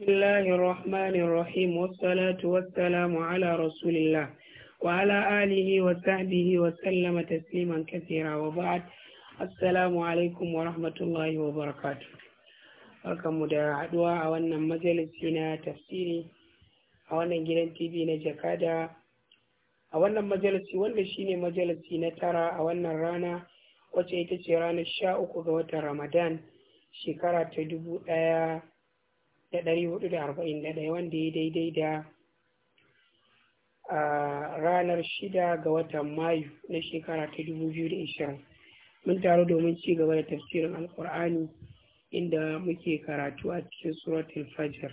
بسم الله الرحمن الرحيم والصلاة والسلام على رسول الله وعلى آله وصحبه وسلم تسليما كثيرا وبعد السلام عليكم ورحمة الله وبركاته da haɗuwa a wannan majalisi na tafsiri a wannan gidan tv na jakada a wannan majalisi wanda shine majalisi na tara a wannan rana wacce ita ce ranar sha uku ga watan ramadan shekara ta dubu ɗaya da ɗari hudu da arba'in da ɗaya wanda ya daidai da ranar shida ga watan mayu na shekara ta dubu biyu da ishirin mun taru domin ci gaba da tafsirin alkur'ani inda muke karatu a cikin suratul fajr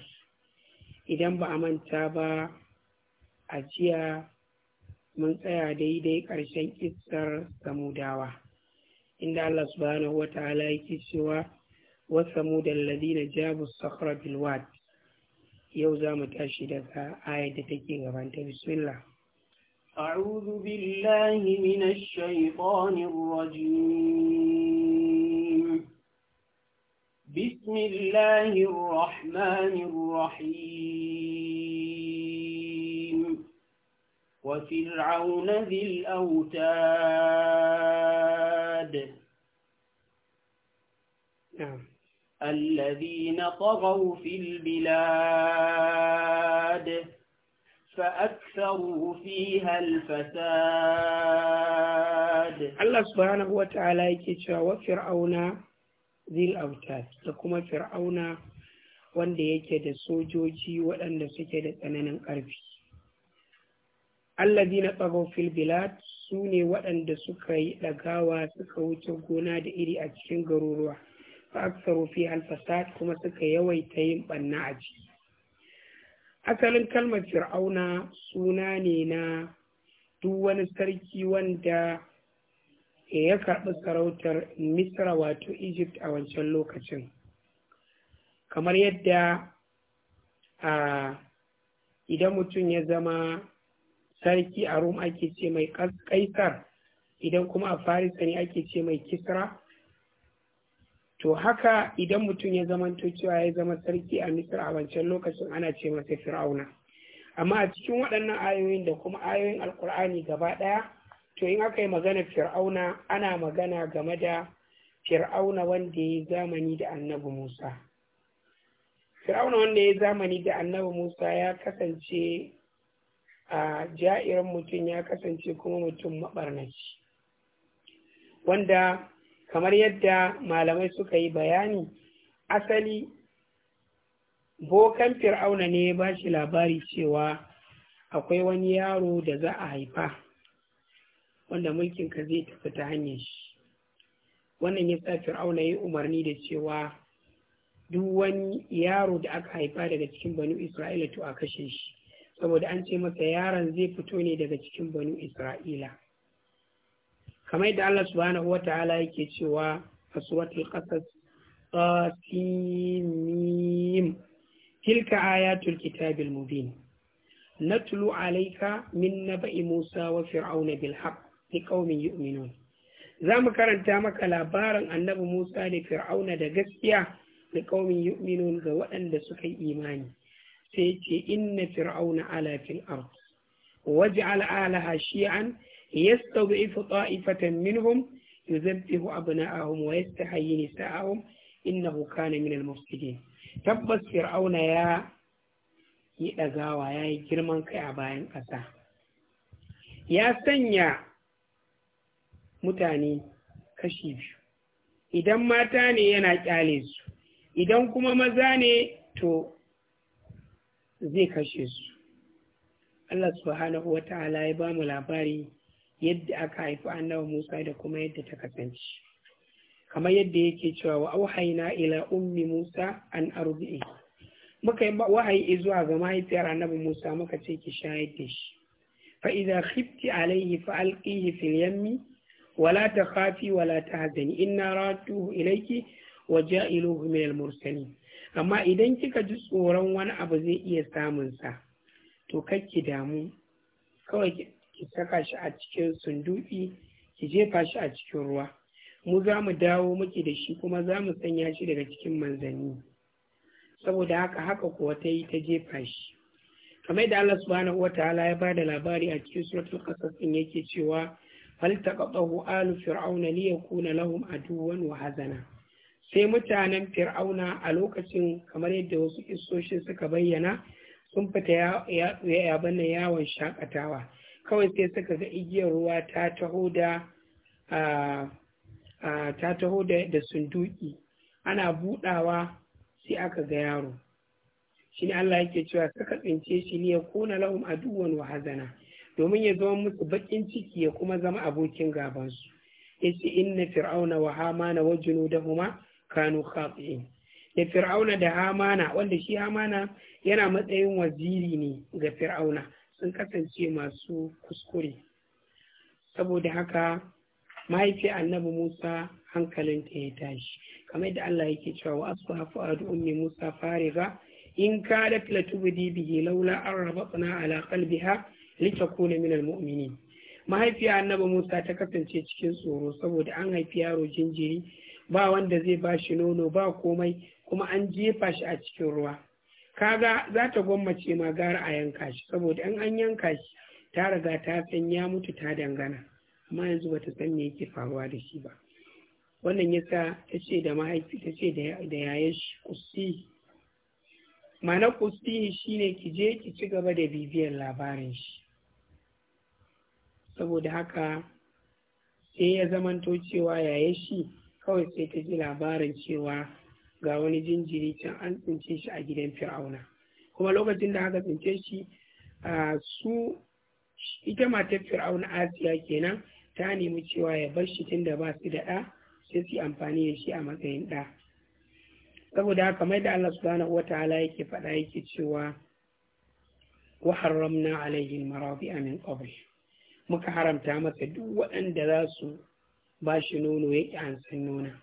idan ba a manta ba a jiya mun tsaya daidai ƙarshen kissar samudawa inda allah subhanahu wa ta'ala yake cewa وثمود الذين جابوا الصخرة بالواد يوزا متاشدة آية تكين بسم الله أعوذ بالله من الشيطان الرجيم بسم الله الرحمن الرحيم وفرعون ذي الأوتاد نعم الذين طغوا في البلاد فأكثروا فيها الفساد الله سبحانه وتعالى يكتشف وفرعون ذي الأوتاد لكم فرعون wanda yake da sojoji waɗanda suke da tsananin ƙarfi. Allazi na tsaro filbilat su ne waɗanda suka yi ɗagawa suka wuce gona da iri a cikin garuruwa. aksaru fi al-fasad kuma suka yawaita yin banna a ciki asalin kalmar fir'auna suna ne na duk wani sarki wanda ya karɓi sarautar misra wato egypt a wancan lokacin kamar yadda a idan mutum ya zama sarki a rum ake ce mai kaisar idan kuma a farisa ne ake ce mai kisra to haka idan mutum ya zamanto cewa ya zama sarki a misir a wancan lokacin ana ce masa fir'auna amma a cikin waɗannan ayoyin da kuma ayoyin alkur'ani gaba ɗaya to in aka yi magana fir'auna ana magana game da fir'auna wanda ya yi zamani da annabi musa fir'auna wanda ya yi zamani da annabi musa ya kasance a ja'irin mutum ya kasance kuma mutum maɓarnaci wanda kamar yadda malamai suka yi bayani asali bokan fir'auna ne ya ba shi labari cewa akwai wani yaro da za a haifa wanda ka zai tafi ta hanyar shi wannan ya sa fir'auna ya yi umarni da cewa duk wani yaro da aka haifa daga cikin banu isra'ila to a kashe shi saboda an ce masa yaron zai fito ne daga cikin banu isra'ila kamar yadda Allah subhanahu wa ta'ala yake cewa a suwatul qasas qasimim tilka ayatul kitabil mubin natlu alayka min naba'i Musa wa fir'auna bil haqq liqaumin yu'minun zamu karanta maka labarin annabi Musa da fir'auna da gaskiya liqaumin yu'minun ga waɗanda suka yi imani sai ce inna fir'auna ala fil ard waj'al alaha shi'an يستضعف طائفة منهم يذبح أبناءهم ويستحيي نساءهم إنه كان من المفسدين تبس فرعون يا يدغاوا يا girman kai a bayan ƙasa ya sanya mutane kashi biyu idan mata ne yana ƙyale su idan kuma maza ne to zai kashe su Allah subhanahu wa ta'ala ya ba mu labari yadda aka haifi annabi Musa da kuma yadda ta kasance kamar yadda yake cewa wa auhaina ila ummi Musa an arbi'i muka yi wahayi zuwa ga mahaifiyar annabi Musa muka ce ki shayar da shi fa idza khifti alayhi fa alqihi fil yammi wala takhafi la tahzani inna raduhu ilayki wa ja'iluhu min al mursalin amma idan kika ji tsoron wani abu zai iya samun sa to ki damu kawai ki saka shi a cikin sunduki ki jefa shi a cikin ruwa mu za mu dawo muke da shi kuma za mu sanya shi daga cikin manzanni saboda haka haka kuwa ta yi ta jefa shi kamar da Allah subhanahu wa ta'ala ya bada labari a cikin suratul qasas din yake cewa fal taqatahu alu fir'auna li yakuna lahum aduwan wa hazana sai mutanen fir'auna a lokacin kamar yadda wasu kissoshi suka bayyana sun fita ya ya yawon shakatawa kawai sai suka ga igiyar ruwa ta taho da ta taho da sunduki ana budawa sai aka ga yaro shi ne Allah yake cewa suka tsince shi ne ya kona lahum aduwan wa hazana domin ya zama musu bakin ciki ya kuma zama abokin gabansu yace inna fir'auna wa hamana wa junudahuma kanu khati'in da fir'auna da hamana wanda shi hamana yana matsayin waziri ne ga fir'auna sun kasance masu kuskure saboda haka mahaifi annabi musa hankalin ta ya tashi kamar da allah yake cewa wa asu hafu a ummi musa fariga in ka da tubdi bihi laula an raba rabatna ala qalbiha litakuna min almu'minin mahaifiya annabi musa ta kasance cikin tsoro saboda an haifi yaro jinjiri ba wanda zai ba shi nono ba komai kuma an jefa shi a cikin ruwa kaga za ta gwammace ma gara a yanka shi saboda in an yanka shi ta riga ta san ya mutu ta dangana amma yanzu bata san me yake faruwa da shi ba wannan yasa ta ce da mahaifi ta ce da yayan shi kusi ma'ana kusi shine ki je ki ci gaba da bibiyar labarin shi saboda haka sai ya zamanto cewa yayan shi kawai sai ta ji labarin cewa ga wani jinjiri can an tsince shi a gidan fir'auna kuma lokacin da aka tsince shi a su ita matar fir'auna asiya kenan ta nemi cewa ya bar shi tun da ba su da ɗa sai su amfani da shi a matsayin ɗa saboda haka mai da Allah subhanahu wa ta'ala yake faɗa yake cewa wa haramna alaihi marabi min qabl muka haramta masa duk waɗanda za su ba shi nono yake an san nona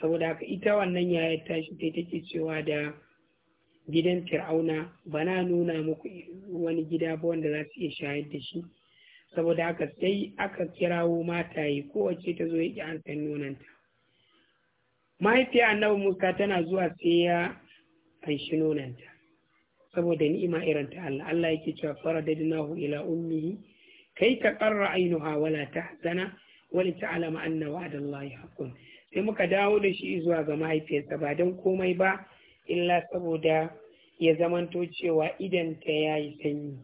saboda haka ita wannan yayar tashi ta take cewa da gidan fir'auna bana nuna muku wani gida ba wanda za su iya shayar da shi saboda haka sai aka kirawo mata mataye kowace ta zo yake an nonanta mahaifiyar annabi musa tana zuwa sai ya anshi nonanta saboda ni'ima irin ta Allah Allah yake cewa faradadnahu ila ummihi kai ka qarra ainuha wala tahzana wa li ta'lama anna wa'dallahi haqqun sai muka dawo da shi zuwa ga mahaifiyarsa ba don komai ba illa saboda ya zamanto cewa idan ta ya yi sanyi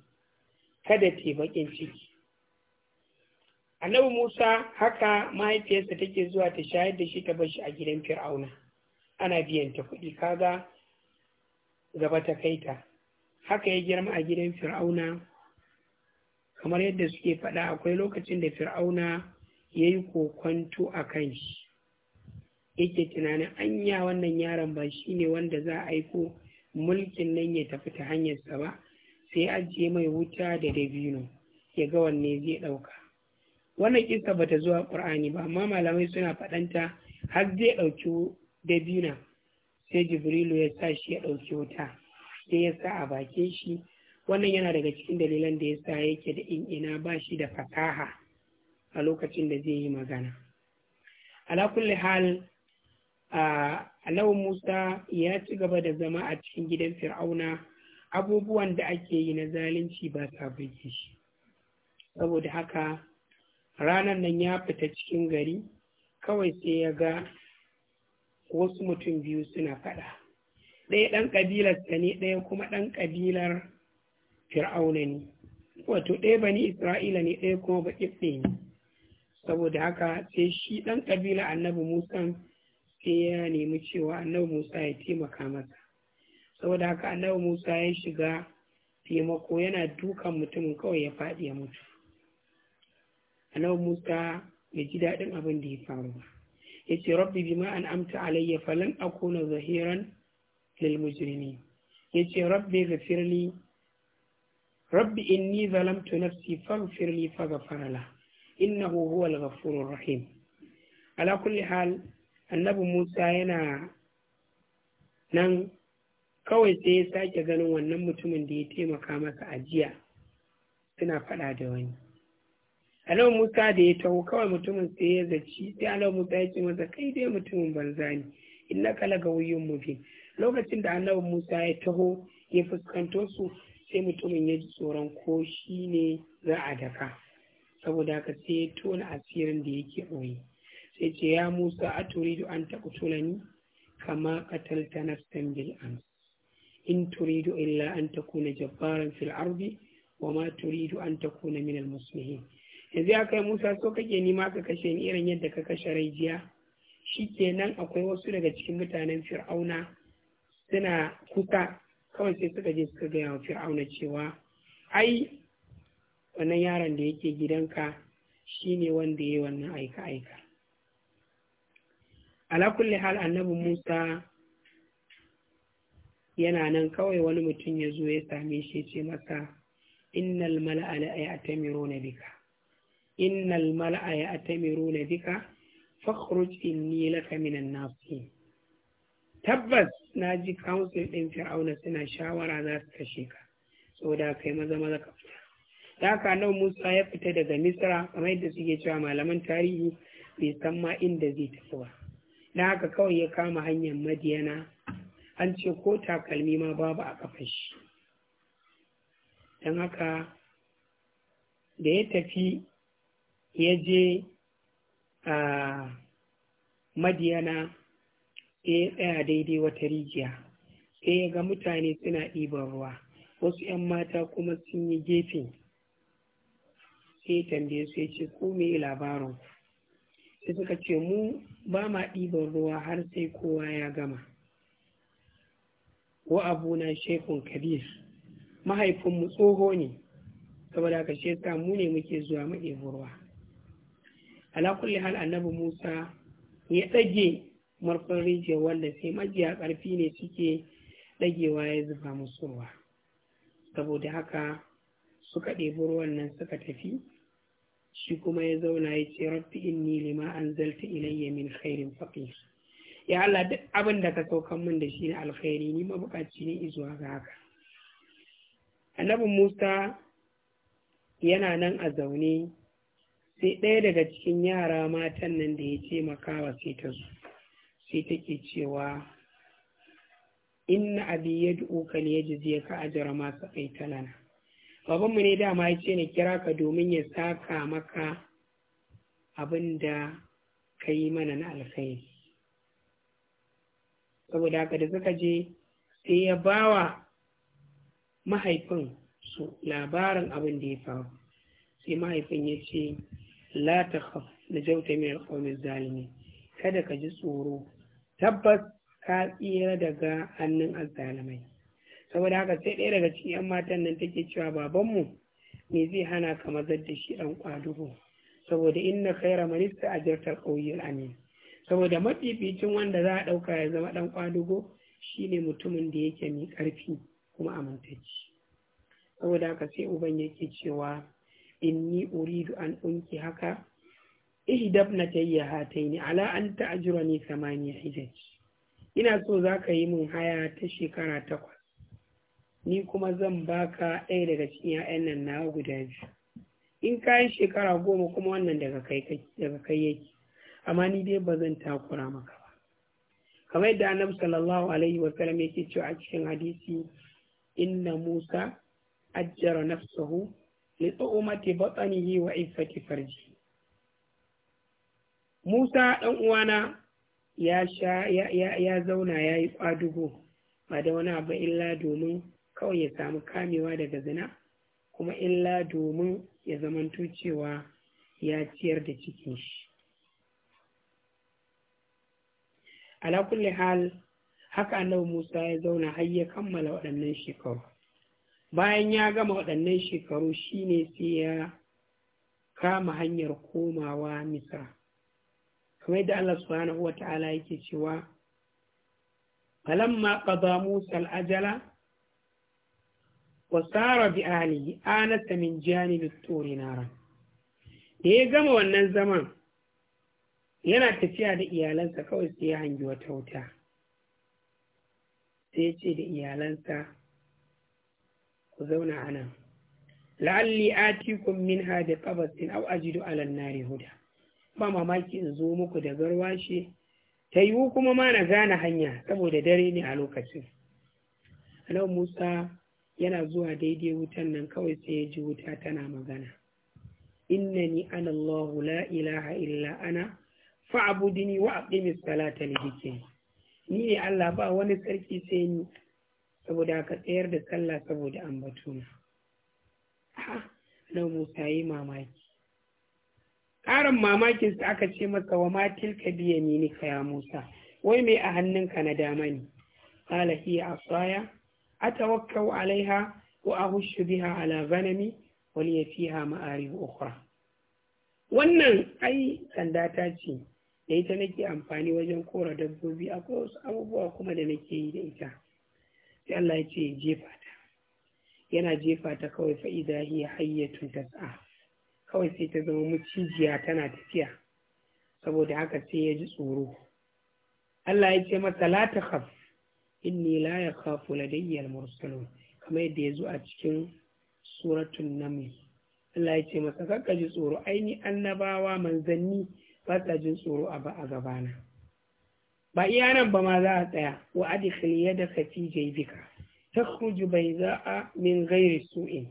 kada ta bakin ciki annabi musa haka mahaifiyarsa take zuwa ta shayar da shi ta bashi a gidan fir'auna ana biyan ta kuɗi kaga gaba ta kai haka ya girma a gidan fir'auna kamar yadda suke faɗa akwai lokacin da fir'auna ya yi kokwanto a kan shi yake tunanin anya wannan yaron ba shi ne wanda za a aiko mulkin nan ya tafi ta hanyarsa ba sai ajiye mai wuta da dabino ya ga wanne zai ɗauka wannan kisa ba ta zuwa ƙur'ani ba amma malamai suna faɗanta har zai ɗauki dabina sai jibrilu ya sa shi ya ɗauki wuta sai ya sa a bakin shi wannan yana daga cikin dalilan da ya sa yake da in'ina ba shi da fasaha a lokacin da zai yi magana ala kulli hal Alawu Musa ya ci gaba da zama a cikin gidan Fir'auna abubuwan da ake yi na zalunci ba sa birki shi. Saboda haka ranar nan ya fita cikin gari kawai sai ya ga wasu mutum biyu suna faɗa. Ɗaya ɗan ƙabilarsa ne ɗaya kuma ɗan ƙabilar Fir'auna ne. Wato ɗaya bani Isra'ila ne ɗaya kuma baƙi ne. Saboda haka sai shi ɗan ƙabilar annabi Musa sai ya nemi cewa annabi musa ya taimaka masa saboda haka annabi musa ya shiga taimako yana dukan mutumin kawai ya faɗi ya mutu annabi musa ya ji daɗin abin da ya faru ba ya ce rabbi bima an amta alayya falan akuna zahiran lil mujrimi ya ce rabbi ghafirli rabbi inni zalamtu nafsi faghfir faghfara la innahu huwal ghafurur rahim ala kulli hal annabi musa yana nan kawai sai ya sake ganin wannan mutumin da ya taimaka masa ajiya suna faɗa da wani alau musa da ya taho kawai mutumin sai ya zaci sai alau musa ya ce masa kai dai mutumin banza ne inna kala ga wuyin bi. lokacin da annabi musa ya taho ya fuskanto su sai mutumin ya ji tsoron ko shi ne za a daka saboda haka sai ya tona asirin da yake ɓoye sai ce ya musa a turidu an ta ni kama ta nafsan bil ams in turidu illa an ta kuna jabbaran fil wa ma turidu an ta kuna min al yanzu ya kai musa so kake nima ka kashe ni irin yadda ka kashe rai jiya shikenan akwai wasu daga cikin mutanen fir'auna suna kuka kawai sai suka je suka gaya wa fir'auna cewa ai wannan yaron da yake gidanka shine wanda ya yi wannan aika-aika ala kulli hal annabi Musa yana nan kawai wani mutum ya zo ya same shi ce masa innal mala'a la ya'tamiruna bika innal mala'a ya'tamiruna bika fakhruj inni laka minan nasihin tabbas na ji council ɗin fir'auna suna shawara za su kashe ka saboda kai maza maza ka fita da haka nan musa ya fita daga misra kamar yadda suke cewa malaman tarihi bai san ma inda zai tafi ba Na haka kawai ya kama hanyar madiyana an ce ko takalmi ma babu a kafin shi don haka da ya tafi ya je a madiyana sai ya tsaya daidai wata rijiya sai ya ga mutane suna ɗiban ruwa wasu 'yan mata kuma sun yi gefe sai tambaye su ya ce ko me labarin ku sai suka ce mu ba ma ɗiban ruwa har sai kowa ya gama wa na shekun kabir mahaifinmu tsoho ne saboda haka shi yasa mu ne muke zuwa mu ɗebi ruwa ala hal annabi musa ya ɗage marfin rijiyar wanda sai majiya ƙarfi ne suke ɗagewa ya zuba musu ruwa saboda haka suka ɗebi ruwan nan suka tafi shi kuma ya zauna ya ce rabbi inni lima anzalta ilayya min khairin faqir ya Allah duk abin da ka saukan min da shi ne alkhairi ni mabukaci ne izuwa ga haka Annabi Musa yana nan a zaune sai ɗaya daga cikin yara matan nan da ya ce makawa sai ta zo sai take cewa inna abi yad'uka ka ajra ma saqaita lana babanmu ne dama ya ce na kira ka domin ya saka maka abin da ka yi mana na alkhairi saboda haka da suka je sai ya bawa mahaifin su labarin abin da ya faru sai mahaifin ya ce la ta khaf na jauta min alqawmin zalimi kada ka ji tsoro tabbas ka tsira daga hannun azzalimai saboda haka sai ɗaya daga cikin 'yan matan nan take cewa babanmu me zai hana ka mazar da shi ɗan ƙwadugo saboda inna khaira manista a jirtar ƙauyen amin saboda mafificin wanda za a ɗauka ya zama ɗan ƙwadugo shine mutumin da yake mai ƙarfi kuma amintacci saboda haka sai uban yake cewa inni uridu an unki haka ihdab na tayya hataini ala an ta'jurani samaniya hijaj ina so zaka yi mun haya ta shekara takwas ni kuma zan baka ɗaya daga cikin 'ya'yan nan na guda biyu in ka yi shekara goma kuma wannan daga kai yake amma ni dai ba zan takura maka ba kamar yadda annabi sallallahu alaihi wa sallam yake cewa a cikin hadisi inna musa ajjara nafsahu li tu'mati batnihi wa iffati farji musa dan uwana ya sha ya zauna yayi yi kwadugo ba da wani abu illa domin kawai ya samu kamewa daga zina kuma illa domin ya zamanto cewa ya ciyar da cikin shi Alakulli hal haka annabi Musa ya zauna har ya kammala waɗannan shekaru bayan ya gama waɗannan shekaru shi ne sai ya kama hanyar komawa Misra kamar da Allah subhanahu ta'ala yake cewa falamma ƙaza Musa al'ajala. wasara bi ahlihi anasa min janibi turi nara da ya gama wannan zaman yana tafiya da iyalansa kawai sai ya hangi wata wuta sai ce da iyalansa ku zauna a nan la'alli atikum minha da qabatin aw ajidu ala nari huda ba mamaki in zo muku da garwashi ta yiwu kuma ma na gane hanya saboda dare ne a lokacin Alau Musa yana zuwa daidai wutan nan kawai sai ya ji wuta tana magana innani ana Allahu la ilaha illa ana fa'budini wa aqimi salata li dhikri ni ne Allah ba wani sarki sai ni saboda ka tsayar da sallah saboda ambatuna na Musa yi mamaki ƙarin mamakin aka ce masa wa matil ka biya ni ya Musa wai mai a hannunka na dama ne qala hiya asaya أتوكأ عليها وأهش بها على غنمي ولي فيها مآرب أخرى wannan ai sanda ta ce da ita nake amfani wajen kora dabbobi akwai wasu abubuwa kuma da nake yi da ita sai Allah ya ce jefa ta yana jefa ta kawai fa'iza hiya hayyatun tas'a kawai sai ta zama mucijiya tana tafiya saboda haka sai ya ji tsoro Allah ya ce masa la takhaf inni la yakhafu ladayya al mursalu kamar yadda zo a cikin suratun namli Allah ya ce masa kakka ji tsoro aini annabawa manzanni ba sa jin tsoro a ba a gabana ba iya nan ba ma za a tsaya wa adkhil yadaka fi jaybika bai bayda'a min su su'in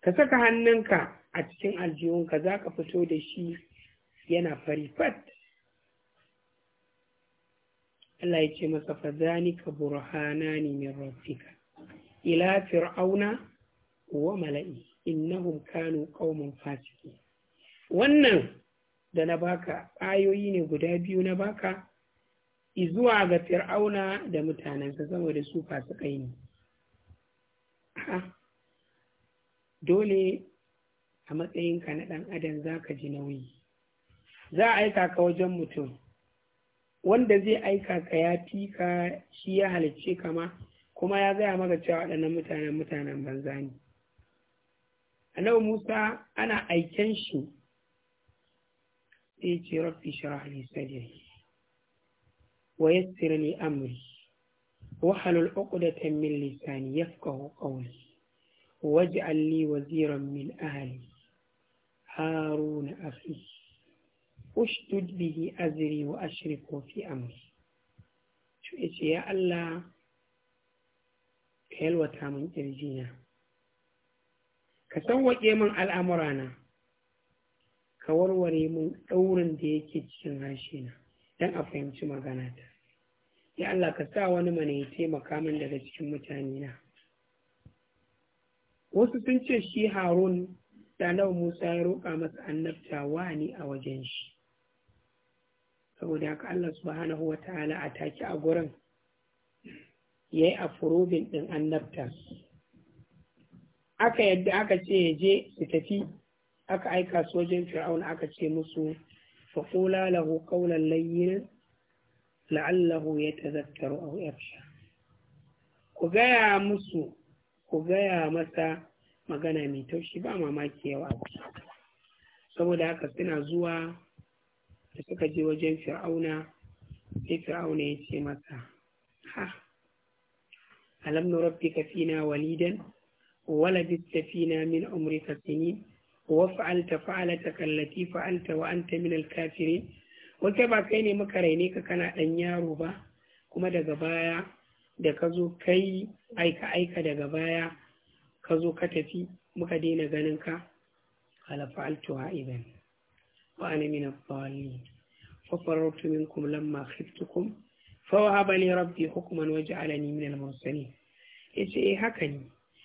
ka saka hannunka a cikin aljihunka za ka fito da shi yana fari Allah ya ce masa ka burhana ni min rabbika ila fir'auna wa mala'i innahum kanu qauman fasiqin wannan da na baka ayoyi ne guda biyu na baka izuwa ga fir'auna da mutanensa saboda su fasikai ne dole a matsayinka na ɗan adam za ka ji nauyi za a aika ka wajen mutum wanda zai aika ka ya fi ka shi ya halicce kama kuma ya gaya maka cewa waɗannan mutanen mutanen banza ne annabi musa ana aiken shi sai ce rafi shrah ne sadiri wa yassir ni amri wa halul uqdatan min lisani yafqahu qawli waj'al li waziran min ahli haruna akhi ushdud bihi azri wa ashriku fi amri to yace ya Allah ka yalwata min kirjina ka san waƙe min al'amurana ka warware min ɗaurin da yake cikin harshe na, don a fahimci magana ta. ya Allah ka sa wani mana ya taimaka min daga cikin mutane na wasu sun ce shi harun da nawa musa ya roƙa masa annabta wani a wajen shi saboda haka Allah subhanahu wa ta'ala a taki a gurin ya yi afurobin ɗin annabta aka yadda aka ce ya je su tafi aka aika sojin fir'auna aka ce musu faƙula lahu ƙaunar layyin la'allahu ya tazakkaru a yarsha ku gaya musu ku gaya masa magana mai taushi ba mamaki yawa saboda haka suna zuwa da suka je wajen fir'auna sai fir'auna ya ce masa ha alam ka fina walidan wala bitta fina min umrika sinin وفعلت فعلتك التي فعلت وأنت من الكافرين wata ba kai ne muka raine ka kana ɗan yaro ba kuma daga baya da ka zo kai aika aika daga baya ka zo ka tafi muka daina ganin ka ala fa'altu idan وأنا من الضالين ففررت منكم لما خفتكم فوهب لي ربي حكما وجعلني من المرسلين yace eh haka ne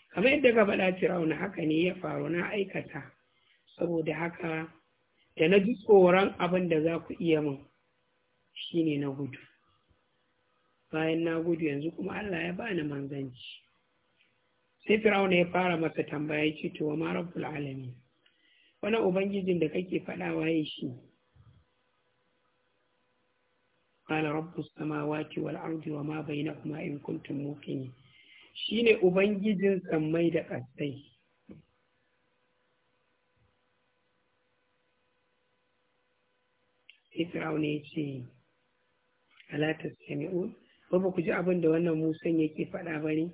kamar yadda ka faɗa Firauna haka ne ya faru na aikata saboda haka da na ji tsoron abin da za ku iya min shine na gudu bayan na gudu yanzu kuma Allah ya bani manzanci sai Firauna ya fara masa tambaya ya ce ma rabbul wani ubangijin da kake faɗa waye shi qala rabbu samawati wal ardi wa ma kuma in kuntum muqinin shine ubangijin sammai da ƙasai Fir'auna ya ce, Ala tasami'un, ba ku ji abin da wannan Musan yake faɗa ba ne?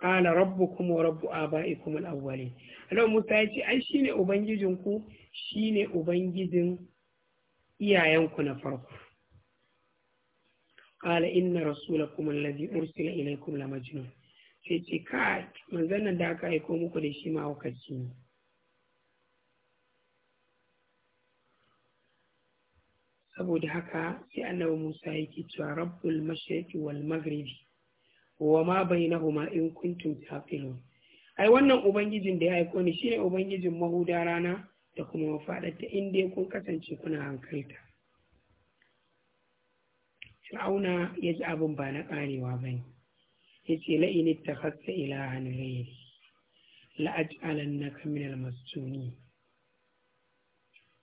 Kala rabbu kuma rabbu abaikum kuma awwalin Allah Musa ya ce ai shine ubangijin ku shine ubangijin iyayenku na farko qala inna kuma lalazi ursula ilaykum la majnun sai ce ka manzon nan da aka aiko muku da shi ma wakaci ne saboda haka sai annabi Musa ya ke cewa rabbul mashriqi wal magribi wa ma bai bainahuma in kuntum taqilun ai wannan ubangijin da ya aiko ni shine ubangijin mahuda rana da kuma mafaɗarta in dai kun kasance kuna hankalta fir'auna ya ji abin ba na ƙarewa ba ne ya ce la'ini ta fasta ilahan ghairi la'aj'alan na kaminal masuni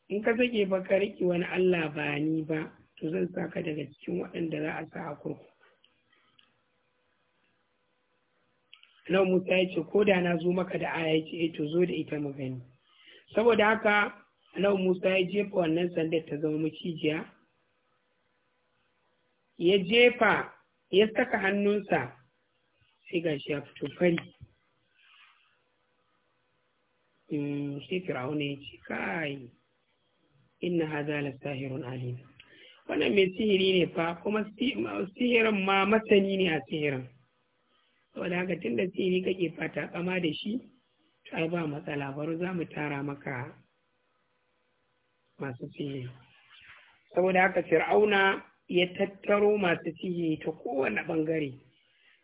in ka sake ba riƙe wani allah ba ni ba to zan saka daga cikin waɗanda za a sa a kurkuku nan Musa ya ce ko da na zo maka da aya ya ce eh, to zo da ita mu gani saboda haka nan Musa ya jefa wannan sandar ta zama macijiya ya jefa ya saka hannunsa sai ga shi ya fito fari hmm, shi ya ce kai inna hadha la sahirun alim wannan mai sihiri ne fa kuma sihirin ma masani ne a sihirin saboda haka tun da tsiri kake fata kama da shi ta ba matsala bari za mu tara maka masu tsiri saboda haka fir'auna ya tattaro masu tsiri ta kowane bangare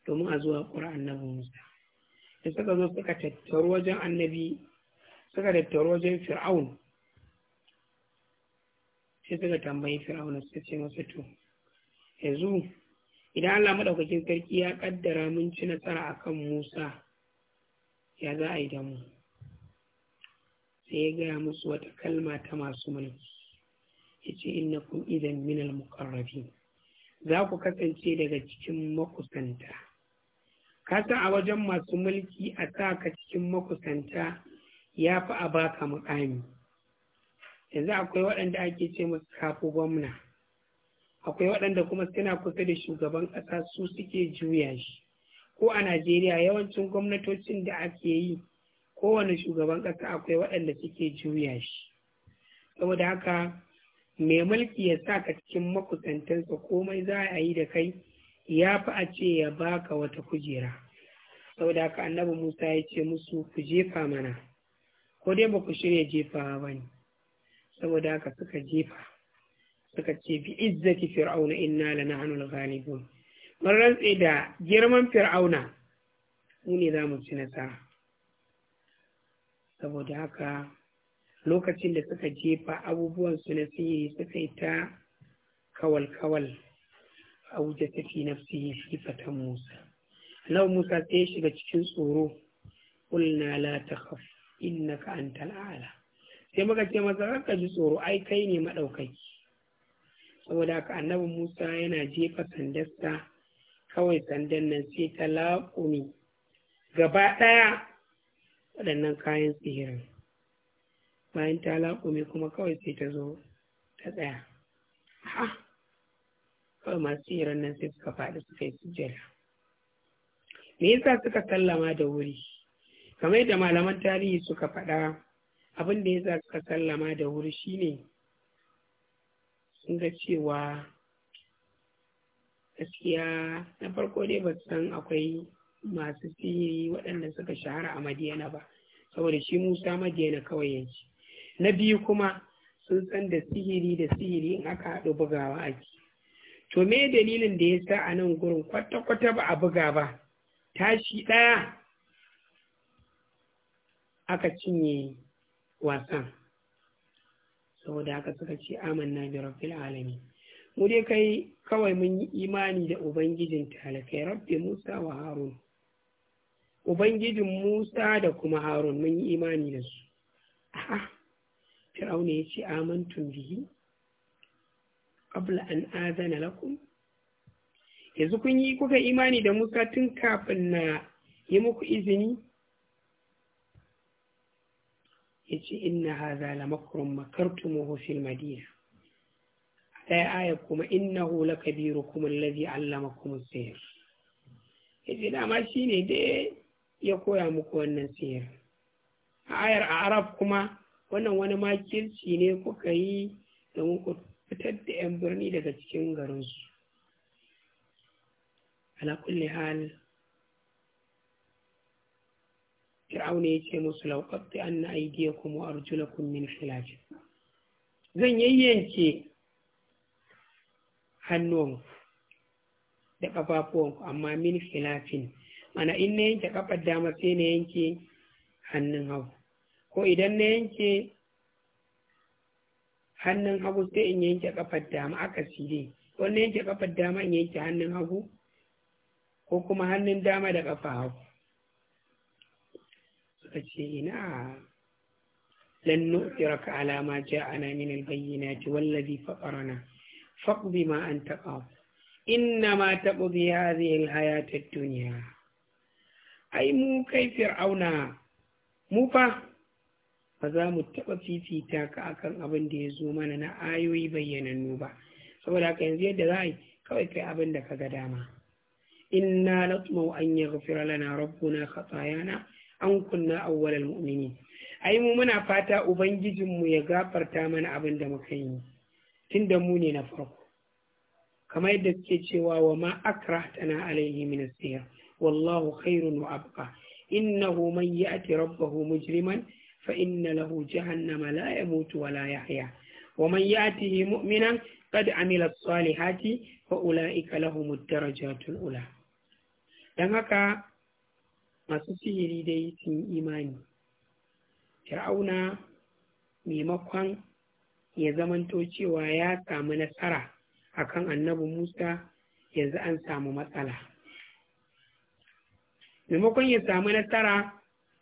domin a zuwa ƙura annabi musa da suka zo suka tattaro wajen annabi suka tattaro wajen fir'aun sai suka tambayi fir'auna suka ce masa to yanzu idan Allah maɗaukakin sarki ya ƙaddara mun ci nasara a kan Musa ya za a yi da mu sai ya gaya musu wata kalma ta masu mulki ya ce innakum idan minal mukarrabi. za ku kasance daga cikin makusanta ka san a wajen masu mulki a sa ka cikin makusanta ya fi a baka mukami yanzu akwai waɗanda ake ce musu kafu gwamna akwai waɗanda kuma suna kusa da shugaban ƙasa su suke juya shi ko a najeriya yawancin gwamnatocin da ake yi kowane shugaban ƙasa akwai waɗanda suke juya shi saboda haka mai mulki ya sa ka cikin makusantansa komai za a yi da kai ya fi a ce ya baka wata kujera saboda haka annabi musa ya ce musu ku jefa mana ko dai ba ku shirya jefawa ba ne saboda haka suka jefa suka ce fi izzati fir'auna inna lanahnu al-ghalibun mun rantse da girman fir'auna mu ne za mu ci nasara saboda haka lokacin da suka jefa abubuwan su na sihiri suka yi ta kawal kawal a wuce fi nafsi fi fatan musa nau musa sai ya shiga cikin tsoro kulna la takhaf innaka antal a'la sai muka ce masa ka ji tsoro ai kai ne madaukaki saboda haka annabi musa yana jefa sandarsa kawai sandan nan sai ta laƙumi gaba ɗaya waɗannan kayan tsirin bayan ta laƙumi kuma kawai sai ta zo ta tsaya ha kawai masu tsirin nan sai suka faɗi suka yi sujjada me yasa suka sallama da wuri kamar yadda malaman tarihi suka faɗa abin da yasa suka sallama da wuri shine sun ga cewa gaskiya na farko dai ba san akwai masu sihiri waɗanda suka shahara a madiyana ba saboda shi musa madiyana kawai yanci na biyu kuma sun san da sihiri da sihiri in aka haɗu bugawa a ciki to me dalilin da ya sa a nan gurin kwata-kwata ba a buga ba tashi ɗaya aka cinye wasan saboda haka suka ce amanna bi rabbil alamin mu dai kai kawai mun yi imani da ubangijin talakai rabbi musa wa harun ubangijin musa da kuma harun mun yi imani da su a'a fir'auna ya ce amantun bihi qabla an azana lakum yanzu kun yi kuka imani da musa tun kafin na yi muku izini yace inna hadha la makrun makartumuhu fil madina ɗaya aya kuma innahu lakabirukum alladhi allamakum as-sihr yace dama shine dai ya koya muku wannan sihir a ayar a arab kuma wannan wani makirci ne kuka yi domin ku fitar da 'yan birni daga cikin garinsu ala kulli hal fir'auna ya ce musu lauƙaɓɓe an na aidiya kuma rujula min filajin zan yayyance hannuwanku da ƙafafuwanku amma min filafin mana in na yanke ƙafar dama sai na yanke hannun hagu ko idan na yanke hannun hagu sai in yanke ƙafar dama aka sire ko na yanke ƙafar dama in yanke hannun hagu ko kuma hannun dama da ƙafa hagu suka ce ina lan nu'tiraka ala ma ja'ana min al-bayyinati wallazi faqarana faqdi ma anta qad inna ma taqdi hadhihi al-hayat ad-dunya ai mu kai fir'auna mu fa ba za mu taɓa fifita ka akan abin da ya zo mana na ayoyi bayyanannu ba saboda haka yanzu yadda za a yi kawai kai abin da ka ga dama inna latmau an yaghfira lana rabbuna khatayana an kunna awwalal mu'mini ai mu muna fata ubangijinmu ya gafarta mana abin da muka yi tunda mu ne na farko kamar yadda suke cewa wa ma tana alaihi min as wallahu khairun wa abqa innahu man ya'ti rabbahu mujriman fa inna lahu jahannama la yamutu wa la yahya wa man ya'tihi mu'minan qad amila as-salihati fa ulaika lahumud darajatul ula dan haka masu sihiri dai sun imani fir'auna maimakon ya zamanto cewa ya samu nasara akan annabi musa yanzu an samu matsala maimakon ya samu nasara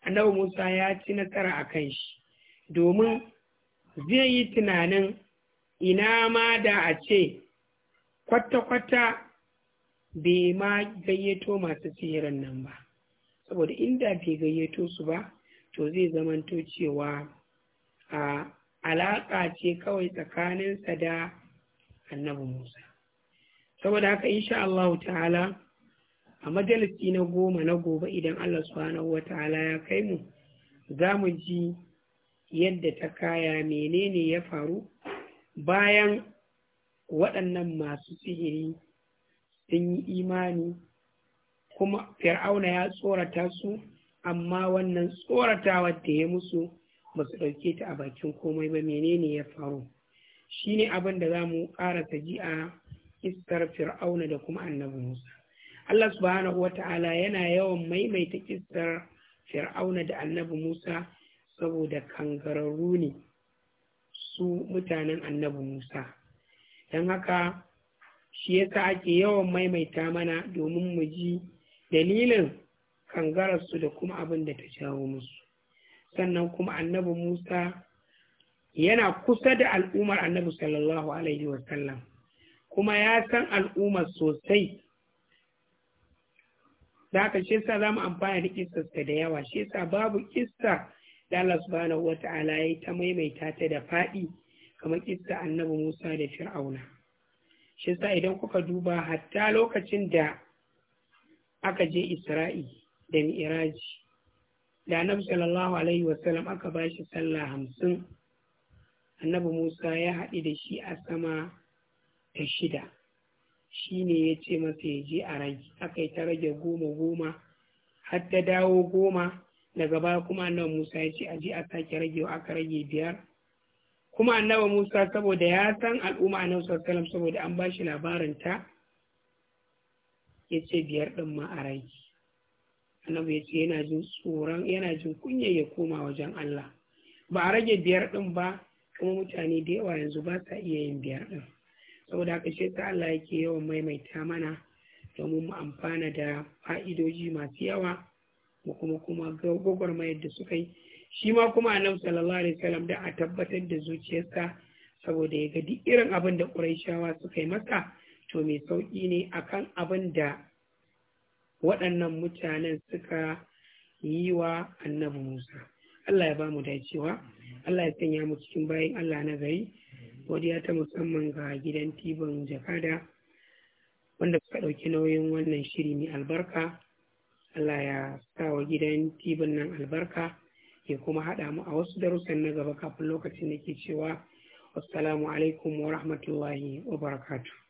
annabi musa ya ci nasara a kan shi domin zai yi tunanin ina ma da a ce kwata-kwata bai ma gayyato masu sihirin nan ba saboda inda bai gayyato su ba to zai zamanto cewa a alaƙa ce kawai tsakaninsa da annabi musa saboda haka insha Allah ta'ala a majalisi na goma na gobe idan Allah subhanahu wa ta'ala ya kai mu za mu ji yadda ta kaya menene ya faru bayan waɗannan masu sihiri sun yi imani kuma fir'auna ya tsorata su amma wannan tsoratawar da ya musu ba su ɗauke ta a bakin komai ba menene ya faru Shi ne abin da za mu ƙarasa ji a kistar fir'auna da kuma annabi musa allah subhanahu wata'ala yana yawan maimaita kistar fir'auna da annabi musa saboda kangararru ne su mutanen annabi musa don haka shi yasa ake yawan maimaita mana domin mu ji dalilin kangararsu da kuma abin da ta jawo musu sannan kuma annabi musa yana kusa da al'ummar annabi sallallahu alaihi wasallam kuma ya san al'ummar sosai da ce shi za mu amfana da kissarsa da yawa shi sa, babu kissa da Allah subhanahu ta'ala ya ta maimaita ta da faɗi kamar kissa annabi Musa da Fir'auna shi sa idan kuka duba hatta lokacin da aka je isra'i da mi'raji da annabi sallallahu alaihi wasallam aka ba shi sallah hamsin annabi musa ya haɗu da shi a sama da shida shi ne ya ce masa ya je a rage aka yi ta rage goma goma har ta dawo goma daga baya kuma annabi musa ya ce a je a sake ragewa aka rage biyar kuma annabi musa saboda ya san al'umma annabi sallallahu saboda an ba shi labarin ta ya ce biyar ɗin ma a rai annabi ya ce yana jin tsoron yana jin kunya ya koma wajen Allah ba a rage biyar ɗin ba kuma mutane da yawa yanzu ba sa iya yin biyar ɗin saboda haka shi ta Allah yake yawan maimaita mana domin mu amfana da fa'idoji masu yawa mu kuma kuma mai da suka yi shi ma kuma annabi sallallahu alaihi wasallam da a tabbatar da zuciyarsa saboda ya ga duk irin abin da ƙurayshawa suka yi masa to mai sauƙi ne a kan abin da waɗannan mutanen suka yi wa annabi Musa. Allah ya ba mu dacewa, Allah ya sanya mu cikin bayan Allah na gari, godiya ta musamman ga gidan Tibon Jakada wanda suka ɗauki nauyin wannan shiri mai albarka. Allah ya sa wa gidan Tibon nan albarka, ya kuma haɗa mu a wasu darussan na gaba kafin lokacin da ke cewa, Wassalamu alaikum wa rahmatullahi wa barakatu.